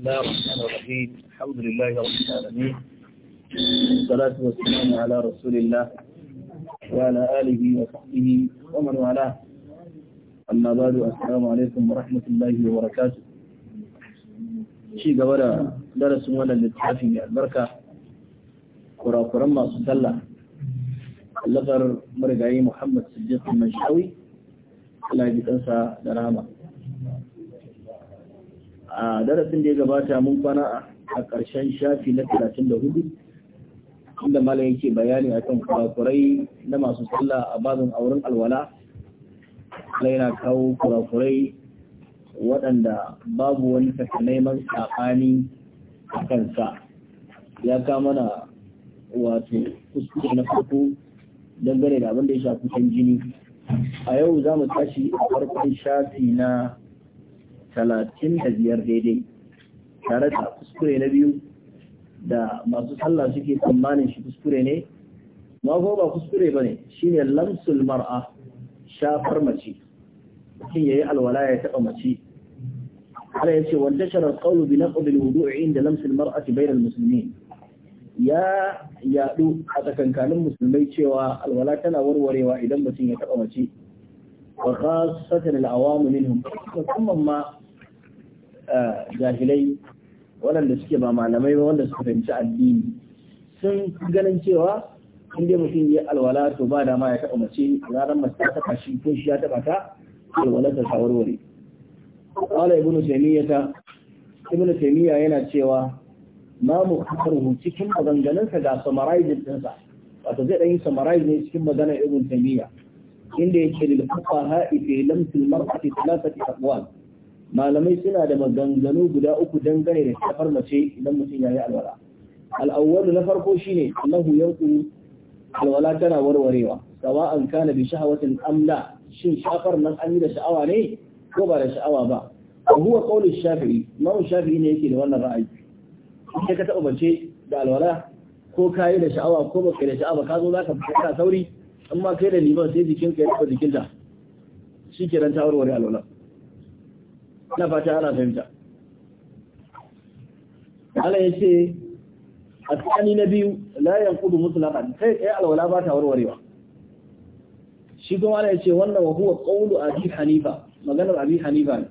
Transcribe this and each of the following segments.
الله الرحمن الرحيم الحمد لله رب العالمين والصلاة والسلام على رسول الله وعلى آله وصحبه ومن والاه أما بعد السلام عليكم ورحمة الله وبركاته شيء قبل درس ولا للتحفي من البركة قرى قرى ما صلى اللغر مرقعي محمد صديق المنشاوي الله يجب أنسى a darasin da ya gabata mun kwana a ƙarshen shafi na 34 inda malam yake bayani akan kurakurai na masu sallah a bazin auren alwala Allah yana kawo kurakurai waɗanda babu wani takamaiman tsakani a kansa ya kama na wato kuskure na farko dangane da abin da ya shafi kan jini a yau za mu tashi a farkon shafi na talatin da biyar daidai tare da kuskure na biyu da masu sallah suke tsammanin shi kuskure ne ma ko ba kuskure ba ne shi ne lamsul mar'a shafar mace mutum ya yi alwala ya taɓa mace ala ya ce wanda sharar ƙaunu bi na ƙudin wudu'i inda lamsul mar'a ti bayan musulmi ya yaɗu a tsakankanin musulmai cewa alwala tana warwarewa idan mutum ya taɓa mace wa khasatan al-awamu minhum musamman ma jahilai waɗanda suke ba malamai ba wanda suka fahimci addini sun ganin cewa in dai mutum ya alwala to ba dama ya taɓa mace ranar mace ta taɓa shi ko shi ya taɓa ta alwala ta shawarware qala ibnu taymiyyah ibnu taymiyyah yana cewa ma mu karhu cikin maganganunsa ga summarizing ɗinsa wato zai ɗan yi summarize ne cikin maganar ibnu taimiyya. inda yake lil fuqaha fi lamsi al mar'ati thalathati aqwal malamai suna da maganganu guda uku dangane da kafar mace idan mutum yayi alwala al awwal na farko shine annahu yanqu alwala tana warwarewa sawa'an kana bi shahawatin am la shin shafar nan an yi da sha'awa ne ko ba da sha'awa ba huwa qawlu shafi'i imam shafi'i ne yake da wannan ra'ayi sai ka taɓa mace da alwala ko kayi da sha'awa ko baka da sha'awa ka zo zaka fita sauri amma kai da liman sai ka ya jikin ta shi ke ta warware alwala na fata ana fahimta Allah ya ce a tsakani na biyu la kudu mutlaqan kai kai alwala ba ta warwarewa shi kuma Allah ya ce wannan wa huwa qawlu abi hanifa maganar abi hanifa ne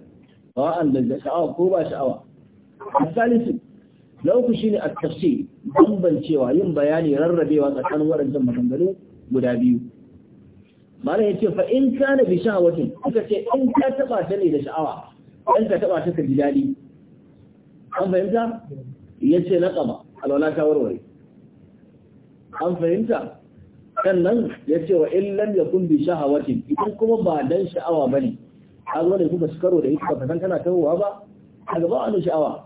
ba an da sha'awa ko ba sha'awa asalisu na lauku shine a tafsir bambancewa yin bayani rarrabewa tsakanin waɗannan maganganu guda biyu malam ya ce fa in kana bi sha'awatin suka ce in ka taba ta ne da sha'awa in ka taba ta ka ji dadi an fahimta ya ce na kama alwala ta warware an fahimta sannan ya ce wa in lam yakun bi shahawatin idan kuma ba dan sha'awa ba bane har wani kuma su karo da ita ba san kana tawowa ba a gaba nan sha'awa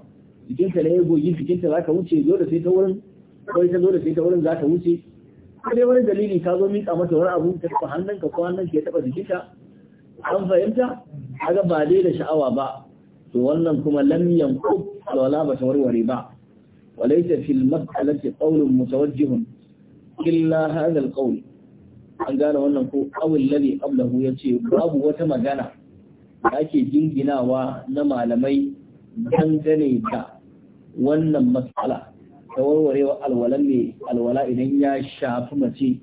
jikinta ne ya goyi jikinta za ka wuce da sai ta wurin kawai ta da sai ta wurin za ta wuce ko dai wani dalili ka zo mita mata wani abu ta taɓa ka ko hannun ke taɓa jikinta an fahimta kaga ba dai da sha'awa ba to wannan kuma lam yanqub wala ba warware ba walaysa fil mas'alati qawlun mutawajjihun illa hadha al qawl an gane wannan ko awil ladhi qablahu yace babu wata magana da ake jinginawa na malamai dangane da wannan mas'ala da warwarewa alwalan ne alwala idan ya shafi mace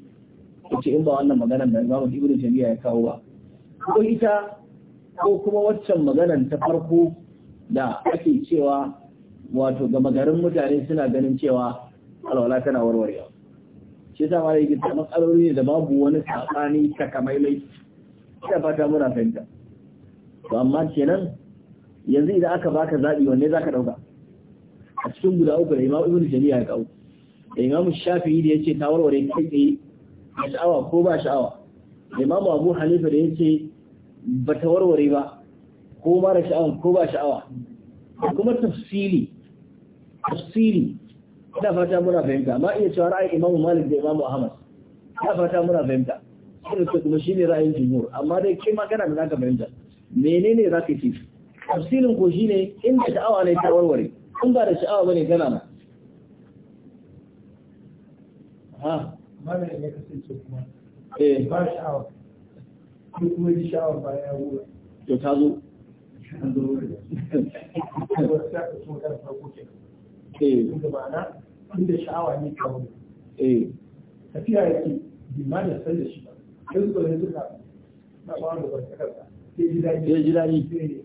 ita in ba wannan magana da Imam Ibn jamia ya kawo ba ko ita ko kuma waccan maganan ta farko da ake cewa wato gama garin mutane suna ganin cewa alwala tana warwarewa shi yasa ma yake da matsaloli ne da babu wani sakani takamaimai ina fata muna fahimta to amma kenan yanzu idan aka baka zabi wanne zaka dauka a cikin guda uku da imamu ibn jami'a ya kawo da imamu shafi da yace ta warware kai tsaye a sha'awa ko ba sha'awa da imamu abu Halifa da yace ba ta warware ba ko mara sha'awa ko ba sha'awa kuma tafsili tafsili ina fata muna fahimta ma iya cewa ra'ayin imamu malik da imamu ahmad ina fata muna fahimta sai da kuma shine ra'ayin jumhur amma dai kai ma kana da zaka fahimta menene zaka ci tafsirin ko shine inda sha'awa ne ta warware in ba da sha'awa bane tana nan ha da ya kasance kuma eh ba sha'awa ko kuma ji sha'awa ba ya wura to ta zo eh inda sha'awa ne kawai eh tafiya yake limanin san da shi ba sai zuwa yanzu ka na ba da barkatarsa sai ji daɗi sai ji daɗi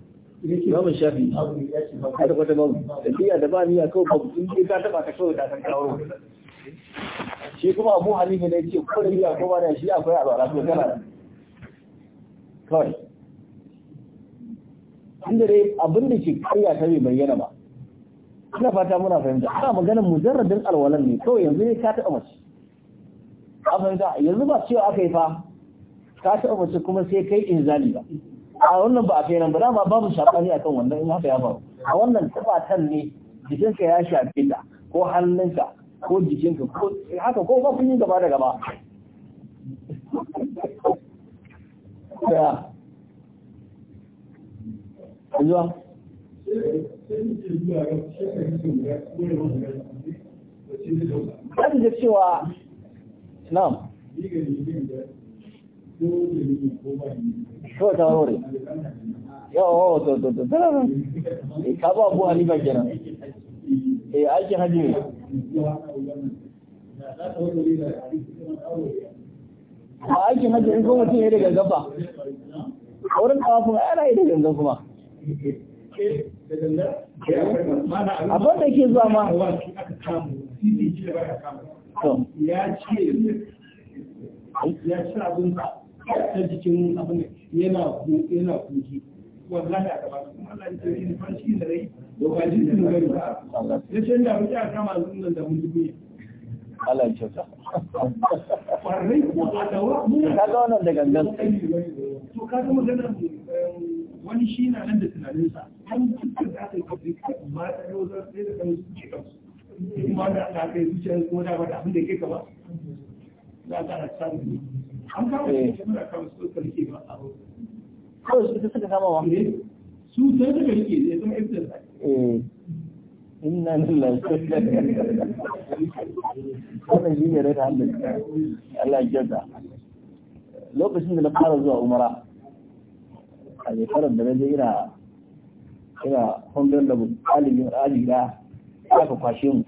babu shafi a da kwata babu tafiya da ba ni niyya kawo babu in ce ta taba ka kawai ta san kawo shi kuma abu hanifa ne ce ko da biya ko ba da shi akwai a bara to kana kawai inda dai abin da ke karya ta bai bayyana ba ina fata muna fahimta ana maganar mujarradin alwalan ne kawai yanzu ne ka taɓa mace a fahimta yanzu ba cewa aka yi fa ka taɓa mace kuma sai kai inzali ba a wannan ba a kai nan ba dama babu a kan wannan in haka ya faru a wannan tabatan ne jikinka ya shafi da, ko hannunka ko jikinka ko haka ko mafi kun yi gaba da gaba zuwa Kan da cewa, Na'am. ko ta hore yawa to to eh, ba abu kenan eh, aikin hajji ne a aikin haji in kuma ya daga gaba wurin ana yi da gangan kuma abin da ke zuwa ma ya ce ya ta cikin abin yana yana kuki wallahi a gaba Allah ya tsare ni fashi da rai dokaji da gari ba ah, ya ce da mutum a kama zunan da mun dubi Allah ya kyauta kwarai ko a dawa ka ga wannan da gangan to ka ga magana um, wani shi na nan da sa, an cikin da aka yi ma ta yau zan sai da kan suke kansu kuma da aka kai zuciyar kuma da abin da ke gaba za a ta samun Eh. kawai su suka kama wa eh. su lokacin da na fara zuwa umara a shekarar da na je ina ina hundar da ɗalibin ajiyar aka kwashe mu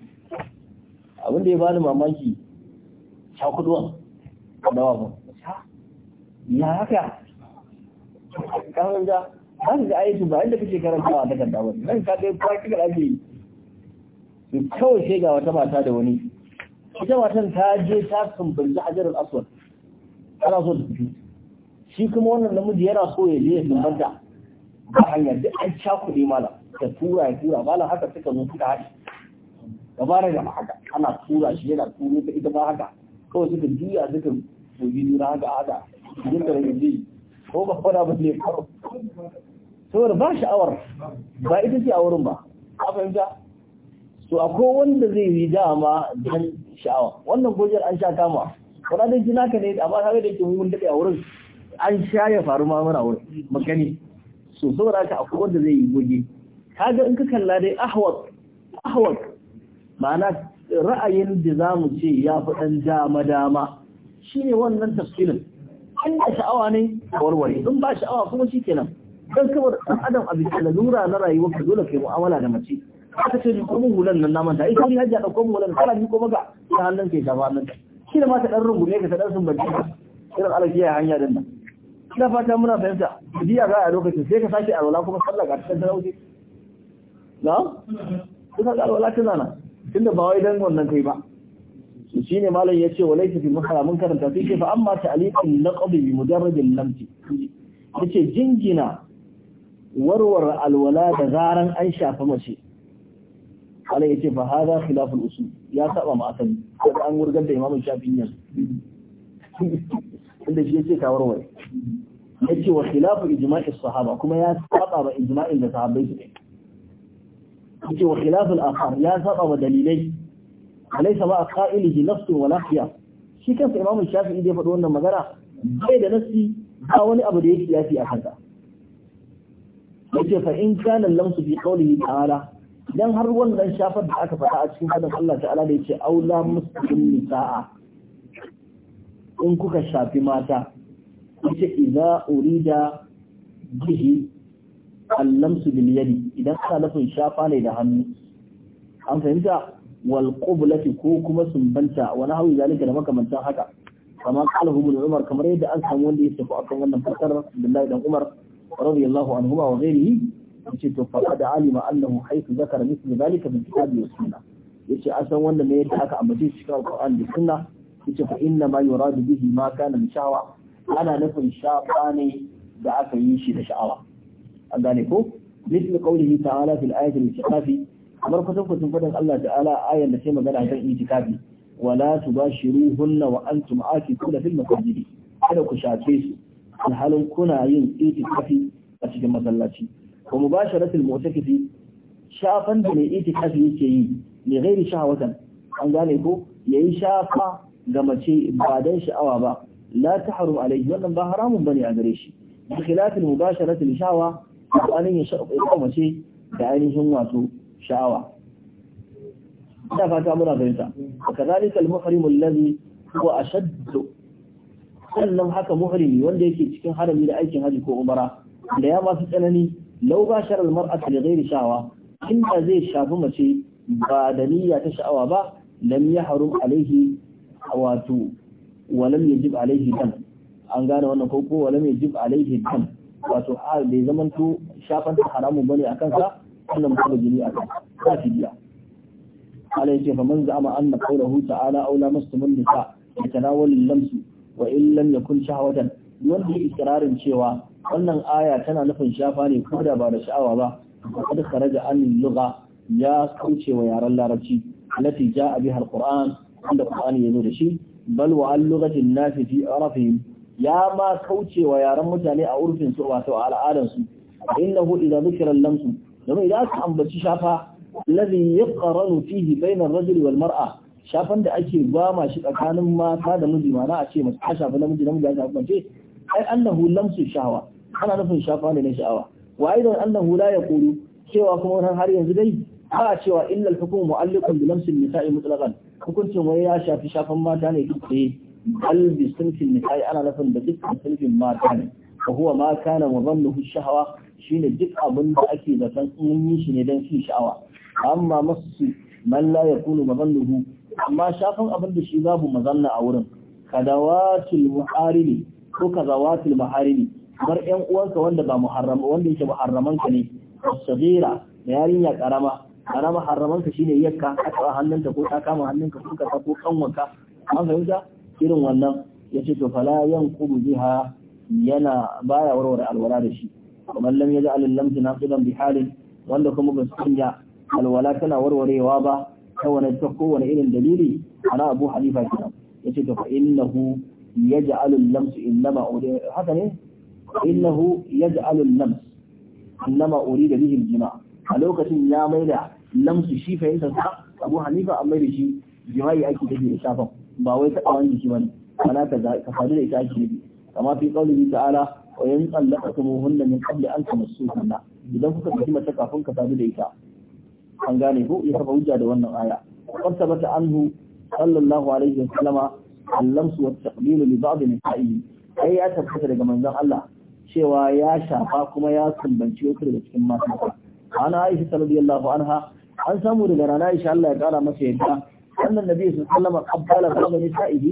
abinda ya bani mamaki cakuduwan dawa mu ya haka kawai da za su ga aiki ba yadda kake karantawa da kanta wani nan ka dai practical ake yi to kawai sai ga wata mata da wani ita matan ta je ta a hajarar aswad ana so ta fito shi kuma wannan namiji yana so ya je ya sumbanta ba hanyar da an sha kuɗi malam ta tura ya tura malam haka suka zo suka haɗe gaba da gaba haka ana tura shi yana turo ta ita ba haka kawai suka juya suka to biyu na da rage ko ba fara ba ne karo saboda ba sha'awar ba ita ce a wurin ba a fahimta to akwai wanda zai yi dama dan sha'awa wannan gojar an sha kama wala dai jina ka ne amma har da ke mun dade a wurin an sha ya faru ma mana wurin magani so saboda ka akwai wanda zai yi goge kaga in ka kalla dai ahwat ahwat ma'ana ra'ayin da zamu ce ya fi dan dama dama Shi ne wannan tafsirin in da sha'awa ne warware in ba sha'awa kuma shi kenan dan kawar dan adam a bisa lalura na rayuwa ka dole kai mu'amala da mace aka ce ko mun hulan nan naman ta ita ni hajja da ko mun hulan kala ni ko maka ta hannun kai gaba nan shi da ma ta dan rungume ka ta dan sun bace irin alajiya hanya din nan ina fata muna fahimta biya ga a lokacin sai ka sake alwala kuma sallah ga ta wuce. na kuma ga alwala ta zana tunda ba wai dan wannan kai ba shi ne malam ya ce walai fi muhara mun karanta sai ce fa amma na laqabi bi mujarradin lamti ce jingina warware alwala da zaran an shafa mace Allah ya ce fa haza khilaful usul ya saba ma asali sai an wurgar da imamun shafi'i yanzu inda shi ya ce ka warware ce wa khilafu ijma'i sahaba kuma ya saba ma ijma'in da sahabbai su ne. Ya ce wa khilafin akhar ya saba ma dalilai alaysa ma qa'ilihi nafsun wala khiyar shi kansa imam shafi'i da ya faɗi wannan magana bai da nafsi ba wani abu da yake yafi a kansa yace fa in kana lamsu fi qawlihi ta'ala dan har wannan shafar da aka faɗa a cikin hadin Allah ta'ala da yace aula muslimin nisaa in kuka shafi mata yace idza urida bihi allamsu bil yadi idan ka nufin shafa ne da hannu an fahimta wal ko kuma sumbanta wani nahwi zalika da makamantan haka kama qala ibn umar kamar yadda an samu wanda ya tafi akan wannan fasar billahi dan umar radiyallahu anhuma wa ghairihi yace to faqad alima annahu haythu zakara mithlu zalika min kitabi wa sunnah yace a san wanda ne yadda aka ambace shi a alquran da sunna yace fa inna ma yuradu bihi ma kana min sha'wa ana nufin shafa ne da aka yi shi da sha'awa an gane ko مثل قوله تعالى في الآية التي kamar kusan kusan fadan Allah ta'ala ayan da sai magana kan itikafi wala tu tubashiruhunna wa antum aakifuna fil masajid kada ku shafe su halin kuna yin itikafi a cikin masallaci wa mubasharatul mu'takifi shafan da mai itikafi yake yi ne gairi shahawatan an gane ko yayi shafa ga mace ba dan sha'awa ba la tahrum alayhi wannan ba haramun bane a gare shi bi khilafil mubasharatul shawa anin ya shafa mace da ainihin wato sha'awa ina fata muna fahimta kazalika al-muhrim alladhi huwa ashadd sannan haka muhrimi wanda yake cikin harami da aikin haji ko umara da ya masu tsanani law bashar al-mar'atu li ghairi sha'awa inda zai shafi mace ba da niyya ta sha'awa ba lam yahrum alaihi wato lam yajib alaihi dam an gane wannan ko ko lam yajib alaihi dam wato bai zamanto shafan haramun bane akan sa Allah mu fara gini akan ka fidiya Allah ce fa man za'ama anna qawluhu ta'ala aula muslimun nisa bi tanawulil lamsi wa in yakun shahwatan wanda yake ikrarin cewa wannan aya tana nufin shafa ne ko da ba da sha'awa ba kad kharaja anil lugha ya kauce wa yaran larabci lati ja'a biha alquran wanda qur'ani yazo da shi bal wa allughati an-nas fi arafihim ya ma kauce wa yaran mutane a urfin su wato a al'adan su innahu idza dhukira al-lamsu domin idan aka ambaci shafa alladhi yaqranu fihi bainar rajuli wal mar'a shafan da ake gwama shi tsakanin mata da miji mana a ce mace ta shafa namiji namiji ya shafa mace ai annahu lamsu shawa ana nufin shafa ne na sha'awa wa aidan annahu ya yaqulu cewa kuma har yanzu dai ba a cewa illa al-hukmu mu'alliqun bi lamsi nisa'i mutlaqan hukuncin wai ya shafi shafan mata ne duk sai albi sunfin nisa'i ana nufin da dukkan sunfin mata ne fa huwa ma kana muzannuhu shahawa shine duk abin da ake zaton in yi shi ne dan shi sha'awa amma masu man la yakunu hu?" amma shafin abin da shi babu mazanna a wurin kadawatul muharimi ko kazawatul muharimi bar ɗan uwanka wanda ba muharram wanda yake muharramanka ne sagira da yarinya karama karama harramanka shine yakka ka tsawa hannunka ko ta kama hannunka ko ka ko kanwanka an fahimta irin wannan yace to fala kubu jiha yana baya warware alwala da shi kamar lam yaj'al al-lamsu naqidan wanda kuma ba su sanya alwala tana warwarewa ba ta wani ta kowane irin dalili ana abu halifa kenan yace to fa innahu yaj'al al-lamsu innama haka ne innahu yaj'al al-lams innama urida da bihin jima a lokacin ya maida lamsu shi fahimta sa abu hanifa amma da shi jima'i ake tafi da shafan ba wai taɓawan jiki ba ne ana ka faru da ita ake yi kama fi qawlihi ta'ala wa in talaqtumuhunna min qabli an tamassuhunna idan kuka saki mace kafin ka sadu da ita an gane ko ya kafa hujja da wannan aya qad sabata anhu sallallahu alaihi wa sallama allamsu wa taqbilu li ba'd nisa'i ai ya tabbata daga manzon Allah cewa ya shafa kuma ya sumbanci wasu daga cikin matansa ana Aisha radiyallahu anha an samu daga rana Aisha Allah ya kara masa yadda annan nabi sallallahu alaihi wa sallama qabbala ba'd nisa'ihi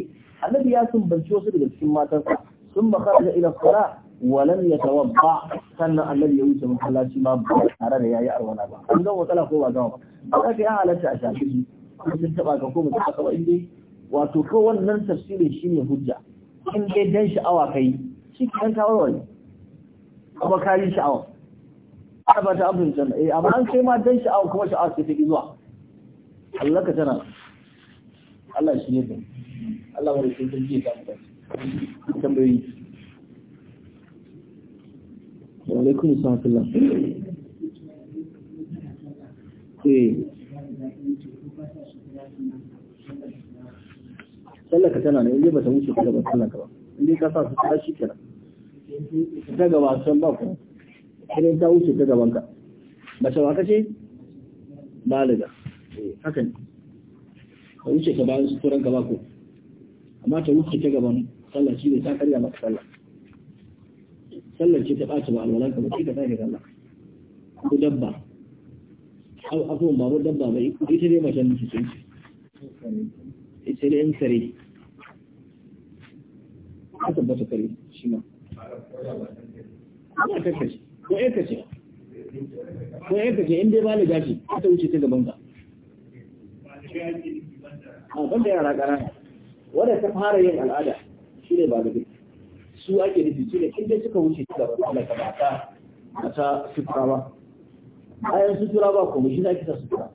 annabi ya sumbanci wasu daga cikin matansa ثم خرج الى الصلاه ولم يتوضا سنة الذي يوجد من حلاتي ما بحرر يا يأر ولا با أنه وطلق هو جواب ولكن أعلى تأشاكي kusan taba ka كوم mutum aka دي واتو كو wannan tafsirin shine hujja in dai dan sha'awa kai shi kan ka warware kuma kai yi sha'awa aba ba ta abin jan eh amma an sai ma dan sha'awa kuma sha'awa ce ta zuwa Allah ka tana Allah shi ne Allah wani sun ji ta mutane tambayi wa alaikum salam eh sallaka tana ne inda ba ta wuce ka ba sallaka ba inda ka sa su tashi kenan ta gaba san ba ku idan ta wuce ta gabanka, ba ta waka ce baliga eh, haka ne ka wuce ka bayan suturan ka ba ku amma ta wuce ta gaban sallah shi ne ta karya maka sallah sallar ce ta ɓaci ba ba sai ka sake sallah ko dabba abubuwan babu dabba mai ita dai macen da cikin ce ita dai yan kare ka tabbata kare shi ma ana kakace ko ya kace ko ya kace in dai ba gashi ta wuce ta gaban ka a banda yara ƙarana wadda ta fara yin al'ada su ne ba malamai su ake nufi su ne inda suka wuce ta gaba Allah ka a ta sutura ba bayan sutura ba kuma shi na kisa sutura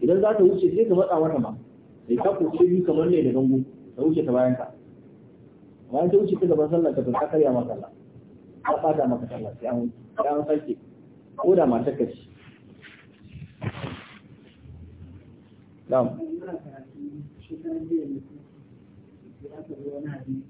idan za ta wuce sai ka matsa wata ma sai ka kuce biyu kamar ne da gangu ta wuce ta bayan ka bayan ta wuce ta gaban sallah ka ta karya maka sallah ka fada maka sallah sai an sai an sake ko da matar ka ce na'am shekaran jiya ne aka zo wani hadisi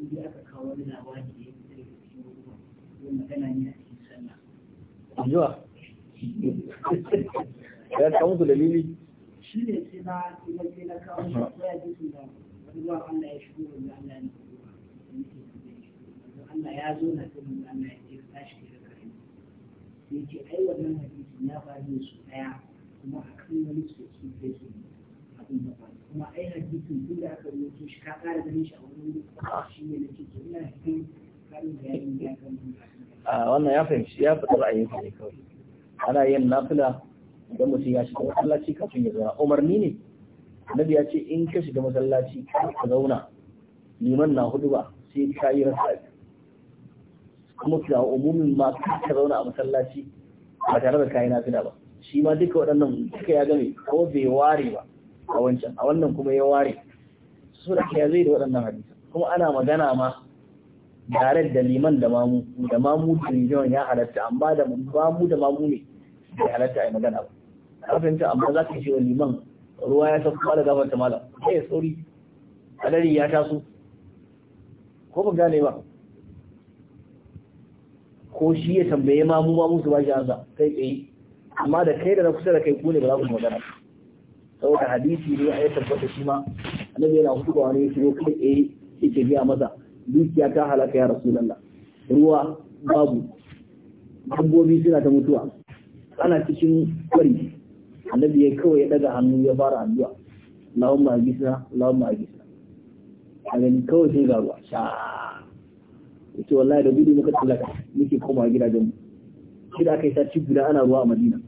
in aka kawo wani labari da ya fita daga cikin ko magana ne a cikin sallah ya kawo musu dalili shi ne sai na ina sai na kawo shi ko ya ji da wani ruwan Allah ya shigo wanda Allah ne Allah ya zo na sai Allah ya ce ka tashi da kare sai ce ai wannan hadisin ya faru su ɗaya kuma a wani sosu sai su kuma ai hadisin tun da aka shi ka shi a wani wuri shi ne na cikin ina cikin da ya a wannan ya fahimci ya fi ra'ayin sa ne kawai ana yin nafila idan mutum ya shiga masallaci kafin ya zauna umarni ne na ya ce in ka shiga masallaci ka zauna liman na hudu ba sai ka yi rasa kuma ga umumin ma ka zauna a masallaci ba tare da kayi nafila ba shi ma duka waɗannan duka ya game ko bai ware ba a wancan a wannan kuma ya ware su da ke zai da waɗannan hadisa kuma ana magana ma tare da liman da mamu da mamu da liman ya halatta amma da mamu da mamu ne ya halatta a yi magana ba a fahimta amma za ka ce wa liman ruwa ya sauka da gafar ta malam sai sauri alari ya taso ko ba gane ba ko shi ya tambaye mamu mamu su ba shi ansa kai tsaye amma da kai da na kusa da kai ku ne ba za ku magana ba saboda hadisi ne a ya kwata shi ma annabi yana hutuba ne ya shigo kai tsaye yake biya masa dukiya ta halaka ya rasulullah ruwa babu dabbobi suna ta mutuwa ana cikin kwari annabi ya kawai ya daga hannu ya fara addu'a Allahumma ajisna Allahumma ajisna a gani kawai sai ga ruwa sha yace wallahi da gudu muka tsallaka muke koma gidajen mu shi da aka yi sati guda ana ruwa a Madina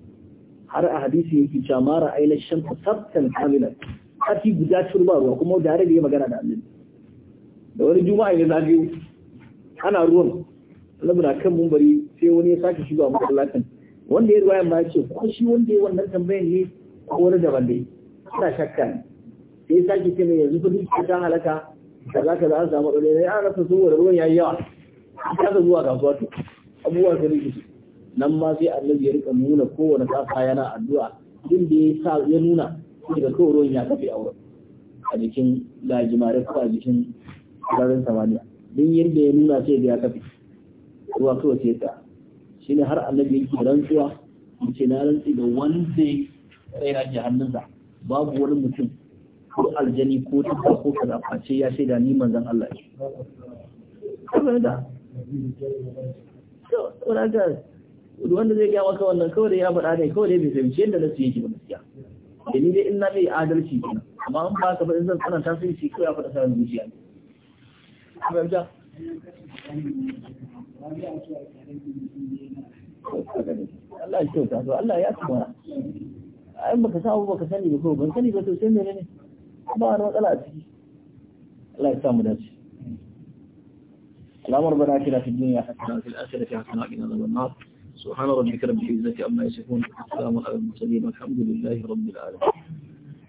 har a hadisi yake jamara ma ra'ayna shan sabtan kamilan sati guda turba ruwa kuma da harabi ya magana da annabi da wani juma'a ne na ana ruwan annabi na kan mumbari sai wani ya sake shiga masallacin wanda ya ruwa ma ya ce ko shi wanda ya wannan tambayan ne ko wani daban dai ina shakka ne sai sake ce mai yanzu kudi ta halaka ka za a samu ɗaure ne rasa zuwa saboda ruwan yayi yawa Ya ka zuwa kasuwa to abubuwa sun rikici nan ma sai annabi ya rika nuna kowane sassa yana addu'a din da ya sa ya nuna sai da kawai ya kafe aure. a jikin lajimare ko a jikin garin samaniya din yadda ya nuna sai da ya kafe ruwa kawai sai ta shine har annabi yake rantsuwa yace na rantsi da wanda ya tsaira jahannamsa babu wani mutum ko aljani ko tuka ko kaza face ya shaida ni manzon Allah ne. Saboda da. wanda zai gaya maka wannan kawai ya faɗa ne kawai bai fahimci yadda nasu yake ba gaskiya da eh, ni dai in na mai adalci kenan amma an ba ka faɗin in zan tsananta sun shi kawai ya faɗa sa zuciya ne Allah ya kyauta to Allah ya kuma ai baka baka sani ba ko ban sani ba to sai ba wani matsala a ciki Allah ya samu dace الأمر بنا في الدنيا حسنا الآخرة حسنا النار سبحان ربك رب العزة عما يصفون والسلام على المرسلين والحمد لله رب العالمين